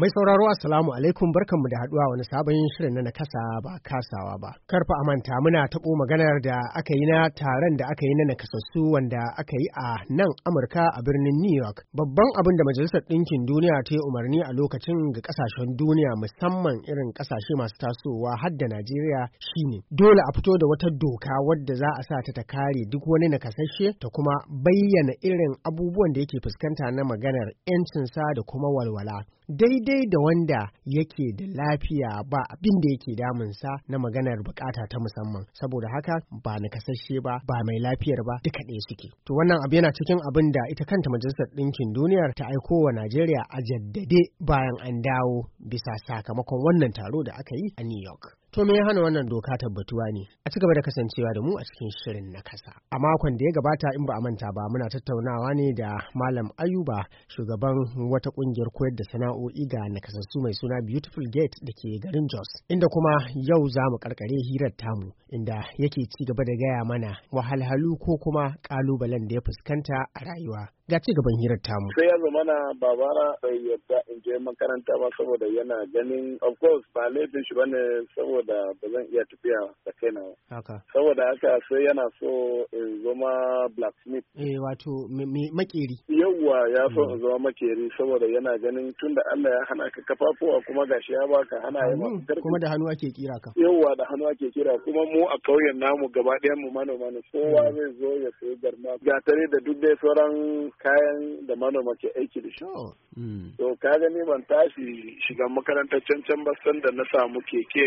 Mai sauraro Assalamu alaikum barkanmu da haduwa wani sabon shirin na nakasa ba kasawa ba. Karfa amanta muna taɓo maganar da aka yi na taron da aka yi na nakasassu wanda aka yi a nan Amurka a birnin New York. Babban abin da Majalisar Ɗinkin Duniya ta yi umarni a lokacin ga ƙasashen duniya musamman irin ƙasashe masu tasowa har da Najeriya shine dole a fito da wata doka wadda za a sa ta ta kare duk wani nakasasshe ta kuma bayyana irin abubuwan da yake fuskanta na maganar 'yancinsa da kuma walwala. Daidai daidai da wanda yake da lafiya ba abin da yake damunsa na maganar bukata ta musamman saboda haka ba nakasashe ba ba mai lafiyar ba duka ɗaya suke to wannan abu yana cikin abin da ita kanta majalisar ɗinkin duniyar ta aiko wa najeriya a jaddade bayan an dawo bisa sakamakon wannan taro da aka yi a new york To me ya hana wannan doka tabbatuwa ne? A ci gaba da kasancewa da mu a cikin shirin na kasa. A makon da ya gabata in ba a manta ba muna tattaunawa ne da Malam Ayuba shugaban wata kungiyar koyar da sana'o'i ga nakasassu mai suna Beautiful Gate da ke garin Jos. Inda kuma yau za mu karkare hirar tamu inda yake ci gaba da gaya mana wahalhalu ko kuma kalubalen da ya fuskanta a rayuwa ga ci gaban hirar tamu. Sai ya zama na babara bai yadda in je makaranta ba saboda yana ganin of course ba laifin shi bane saboda ba zan iya tafiya da kaina ba. Haka. Saboda haka sai yana so in zama blacksmith. Eh wato makeri. Yawwa ya so mm. in zama makeri saboda yana ganin tunda Allah ya hana ka kafafuwa kuma gashi ya baka hana ya baka. Mm, kuma da hannu ake kira ka. Yawwa da hannu ake kira kuma mu a kauyen namu gaba ɗayan mu manoma ne kowa mm. zai zo ya sayi garma gatare da duk dai sauran kayan da manoma ke aiki da shi. To hmm. ka gani ban tashi shiga makarantar cancan ba sanda na samu keke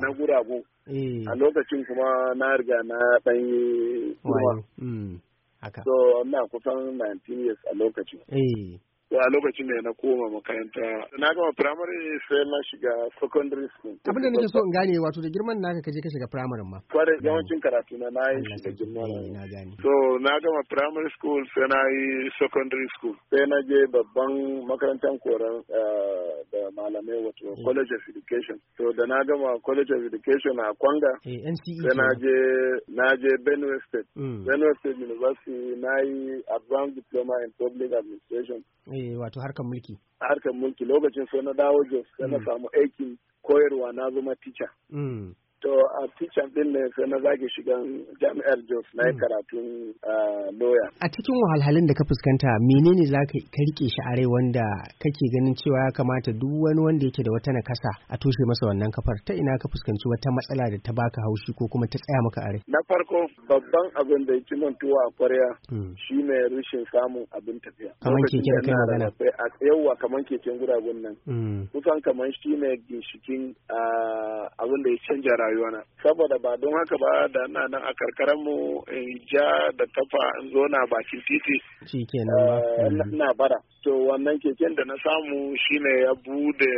na guragu. Eh. A lokacin kuma na riga na ɗan yi hmm. So na kusan 19 years a lokacin. Eh. to a lokacin da na koma makaranta na gama primary sai na shiga secondary school abin da nake so in gane wato da girman naka kaje ka shiga primary ma kwarai yawancin karatu na nayi shi da girman eh, so na gama primary school sai na yi secondary school sai na je babban makarantar koran eh, da malamai wato eh. college of education so da na gama college of education a kwanga e sai na je na je benue state hmm. benue state university na yi advanced diploma in public administration wato harkar mulki? A harkar mulki lokacin sai na dawo Jos sai na mm. samu aikin koyarwa na zama tica. To a tichan din ne sai na zage shigan jami'ar Jos na mm. karatun loya. A cikin wahalhalun da ka fuskanta menene za ka rike shi are wanda kake ganin cewa ya kamata duk wani wanda yake da wata nakasa a toshe masa wannan kafar ta ina ka fuskanci wata matsala da ta baka haushi ko kuma ta tsaya maka are. Na farko babban abin da yake tuwa a kwarya mm. shine rashin samun abin tafiya. ke keken kai magana. Yawwa ke keken guragun nan. Mm. Kusan shi shine ginshikin abin da ya canja rayuwa. rayuwana saboda ba don haka ba da na nan a karkaran mu in ja da tafa in zo na bakin titi eh, na bara to wannan keken da na samu shine ya bude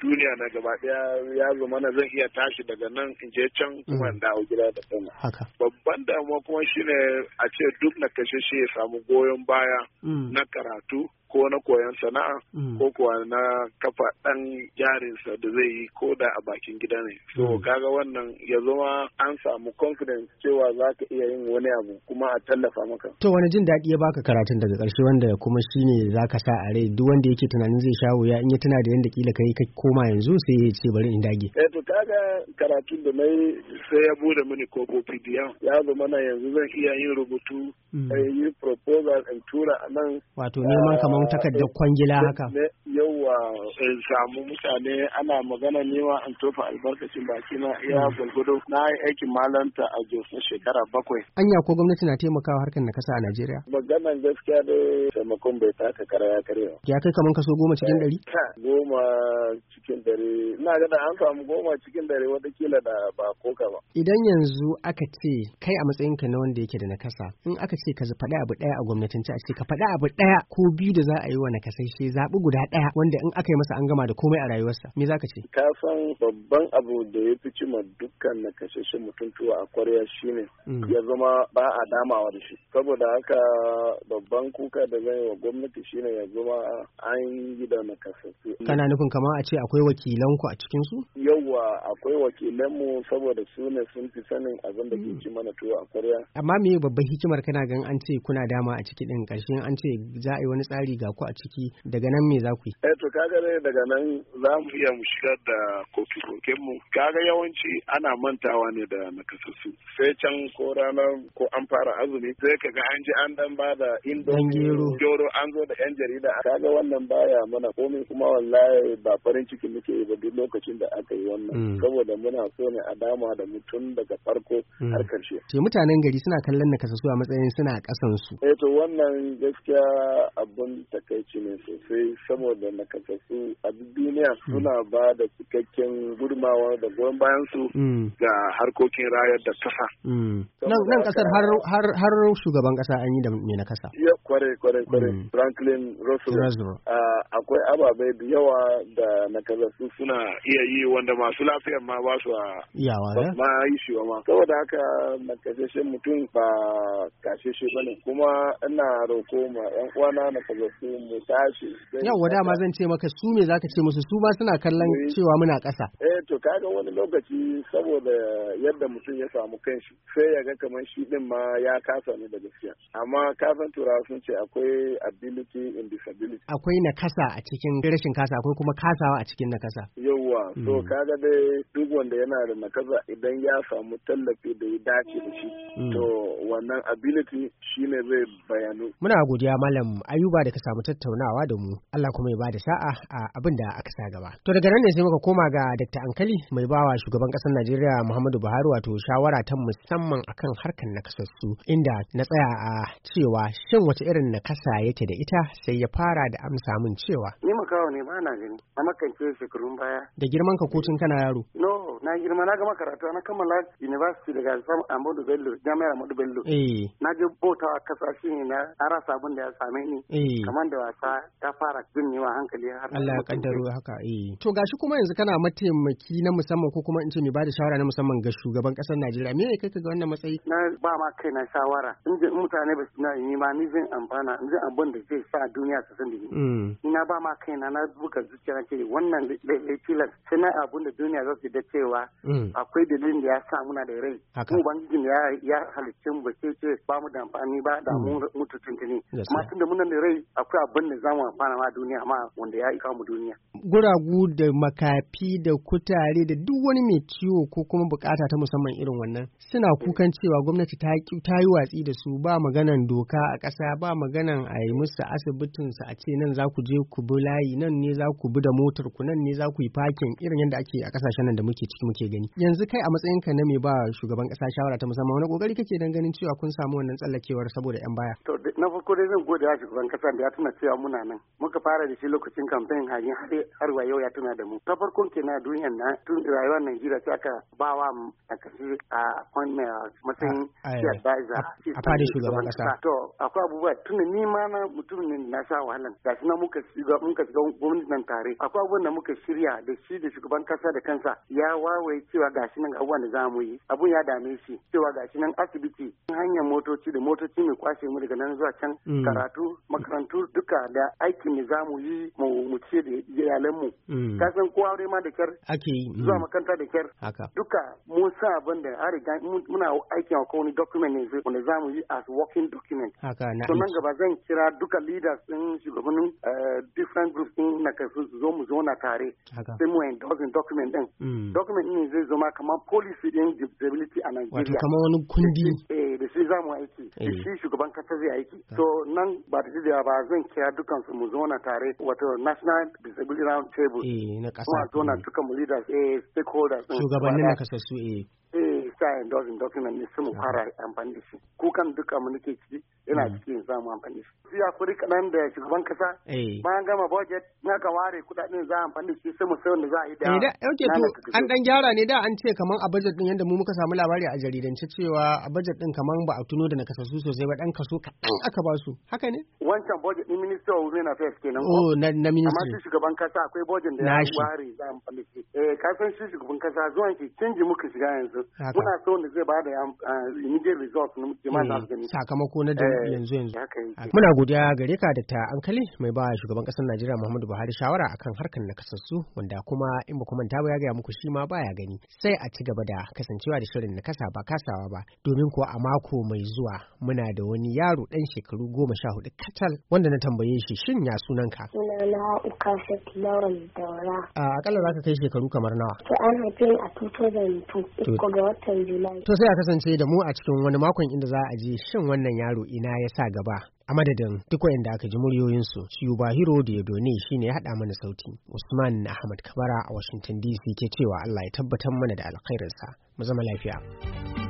duniya na gaba daya ya zo mana zan iya tashi daga nan in je can kuma in mm. dawo gida da haka babban damuwa kuma shine a ce duk na kashe shi ya samu goyon baya mm. na karatu ko na koyon sana'a mm. ko kuwa na kafa ɗan jarinsa da zai yi ko da a bakin gida ne so mm. kaga wannan ya zama an samu confidence cewa za ka iya yin wani abu kuma a tallafa maka to wani jin daɗi ya baka karatun daga ƙarshe wanda kuma shine za ka sa a rai duk wanda yake tunanin zai sha wuya in ya tuna da yadda kila kai ka koma yanzu sai ya ce bari in dage eh to kaga karatun da na yi sai ya bude mini kofofi ya zama na yanzu zan iya yin rubutu mm. eh, yi proposal in tura a nan wato neman kamar kamar takardar kwangila haka yawa eh, samu mutane ana magana newa an tofa albarkacin baki na iya mm. gwalgwado na yi aikin malanta a jos na shekara bakwai anya ko gwamnati na taimakawa harkar na kasa a najeriya maganan gaskiya da taimakon bai taka kara ya karya ya kai kamar kaso goma cikin dari eh, goma cikin dari ina gada da an samu goma cikin dari kila da ba koka ba idan yanzu aka ce kai a matsayinka na wanda yake da nakasa in aka ce ka faɗi abu ɗaya a gwamnatin ci a ce ka faɗi abu ɗaya ko biyu da za a yi wa nakasashe zaɓi guda ɗaya wanda in aka yi masa an gama da komai a rayuwarsa me za ka ce ka san babban abu da ya fi cima dukkan nakasashe mutum tuwa a kwarya shine mm. ya zama ba a damawa da shi saboda haka babban kuka da zai wa gwamnati shine ya zama an yi da nakasashe kana nufin kamar a ce akwai wakilanku a cikin su yawwa akwai wakilanmu saboda su ne sun fi sanin abin da ke mm. ci mana tuwo a kwarya amma me babban hikimar kana gan an ce kuna dama a ciki din karshen an ce za a yi wani tsari ga ku a ciki daga nan me za ku yi eh to kaga ne daga nan za mu iya mu shigar da koke-koken mu kaga yawanci ana mantawa ne da nakasassu sai can ko ranar ko an fara azumi sai kaga an ji an dan ba da indomi gero an zo da yan jarida kaga wannan baya mana komai kuma wallahi ba farin ciki muke yi ba duk lokacin da aka yi wannan mm. saboda muna so ne a dama da mutum daga farko mm. har karshe Ke mutanen gari suna kallon nakasassu a matsayin suna kasan su eh wannan gaskiya abun takaici ne sosai saboda nakasassu a duniya hmm. suna ba da cikakken gudunmawa da goyon bayan su hmm. ga harkokin rayar da kasa. Hmm. Nan kasar har shugaban kasa an yi da mai na kasa. Ya kware kware kware Franklin Roosevelt. Ah, akwai ababe da yawa da nakasassu suna iya yi wanda masu lafiyar ma ba su a eh? ma yi shi ma. Saboda haka nakasashen mutum ba kashe shi bane kuma ina roko ma 'yan uwana na su mu tashi dama zan ce maka su me zaka ce musu su ma suna kallon eh. cewa muna kasa. eh to kaga wani lokaci saboda yadda mutum ya samu kanshi sai ya ga kamar shi din ma ya kasa ne da gaskiya amma kafin turawa sun ce akwai ability in disability akwai nakasa a cikin rashin kasa akwai kuma kasawa a cikin nakasa yawa hmm. to kaga dai duk wanda yana da nakasa idan ya samu tallafi da ya dace da shi hmm. to wannan ability shine zai bayanu muna godiya malam ayuba da samu tattaunawa da mu Allah kuma ya bada sa'a a abin da aka sa gaba to daga nan ne sai muka koma ga Dr. Ankali mai bawa shugaban kasar Najeriya Muhammadu Buhari wato shawara ta musamman akan harkar nakasassu inda na tsaya a cewa shin wata irin nakasa yake da ita sai ya fara da amsa min cewa ni makawo ne ba na gani a makance shekarun baya da girman ka kotun kana yaro no na girma na gama karatu na kammala university daga Alfam Ahmadu Bello jami'ar Ahmadu Bello eh. na je bautawa kasashe ne na ara sabon da ya same ni eh. kamar da wasa ta fara wa hankali har Allah ya kaddaro haka eh to gashi kuma yanzu kana mataimaki na musamman ko kuma in ce mai bada shawara na musamman ga shugaban kasar Najeriya me kai ka ga wannan matsayi na ba ma kai na shawara in mutane ba su na yi ma ni zan amfana in ji abin da zai sa duniya ta san da mm. ni ina ba ma kai na na buga zuciya na ce wannan tilas sai na abin da duniya za su da cewa cewa mm. akwai dalilin da ya sa muna da rai mu ubangijin ya ya halicce mu ba ce ba mu da amfani ba da mu mm. mutu tuntuni amma da muna da rai akwai abin da zamu amfana ma duniya amma wanda ya ika mu duniya guragu da makafi da kutare da duk wani mai ciwo ko kuma bukata ta musamman irin wannan suna kukan cewa gwamnati ta ta yi watsi da su ba maganan doka a ƙasa ba maganan a yi musu asibitin su a ce nan za ku je ku bi layi nan ne za ku bi da motar ku nan ne za ku yi fakin irin yadda ake a ƙasashen nan da muke ciki aiki muke gani yanzu kai a matsayinka na mai ba shugaban kasa shawara ta musamman wani kokari kake dan ganin cewa kun samu wannan tsallakewar saboda yan baya to na farko dai zan gode wa shugaban kasa da ya tuna cewa muna nan muka fara da shi lokacin kamfen hanyar har wa yau ya tuna da mu ta farkon kenan duniyar na tun rayuwar Najeriya sai aka wa a kashi a wannan matsayin advisor a fadin shugaban kasa to akwai abubuwa tun ni ma na mutum ne na sha wahala da shi na muka shiga muka shiga gwamnatin tare akwai abubuwan da muka shirya da shi da shugaban kasa da kansa ya wa wawai cewa gashi nan abubuwan da zamu yi abun ya dame shi cewa gashi nan asibiti hanyar motoci da motoci mai kwashe mu daga nan zuwa can mm. karatu makarantu duka da aikin da zamu yi mu ce da mu mm. ka san kowa aure ma da kyar ake yi mm. zuwa makaranta da kyar duka mu sa abin da a riga muna aikin a kowani document ne wanda za yi as working document haka na to nan gaba zan kira duka leaders din shugabannin eh, different groups din na kasu zo mu zo na tare sai mu endorsing document din document wannan ne zai zama kamar policy din disability a Nigeria. Wato kamar wani kundi. Eh, eh da shi za mu aiki. Da eh. shi shugaban kasa zai aiki. To ah. nan ba da jidiya ba zan kira dukan su mu zauna tare wato National Disability Round Table. Eh na kasa. Mu zauna dukan mu leaders eh stakeholders. Shugabannin na kasa su eh. Eh ta endorsing document ne sun fara amfani da shi kukan duka mu nake ciki yana mm. cikin za mu amfani da shi su ya kuri kaɗan da shugaban kasa eh. bayan gama budget na ka ware kuɗaɗen za a amfani da shi sai mu sai wanda za a yi da eh, okay to an dan gyara ne da an ce kaman a budget din yanda mu muka samu labari a jaridance cewa a budget din kaman ba a tuno da nakasassu sosai ba dan kaso kaɗan mm. aka ba su haka ne wancan budget din minister of women affairs kenan oh na na minister. amma shugaban kasa akwai budget da ya ware za a amfani da shi eh kasan shi shugaban kasa zuwan ki canji muka shiga yanzu muna ana so ne zai bada eh, immediate results na hmm, sakamako na da eh, yanzu yanzu muna godiya gare ka da ta ankali mai ba shugaban kasar Najeriya Muhammadu Buhari shawara akan harkar nakasassu wanda kuma in ba kuma ba ya gaya muku shi ma baya gani sai a ci gaba da kasancewa da shirin nakasa ba kasawa ba domin kuwa a mako mai zuwa muna da wani yaro dan shekaru goma sha hudu katal wanda na tambaye shi shin ya sunan sunana ukashat lauren daura a akalla za ka kai shekaru kamar nawa to an haife a 2002 ko ga watan alhamdulillah to sai a kasance da mu a cikin wani makon inda za a je shin wannan yaro ina ya sa gaba a madadin duk wayanda aka ji muryoyinsu shiyu bahiro da shi shine ya haɗa mana sauti usman ahmad kabara a washington dc ke cewa allah ya tabbatar mana da alkhairinsa mu zama lafiya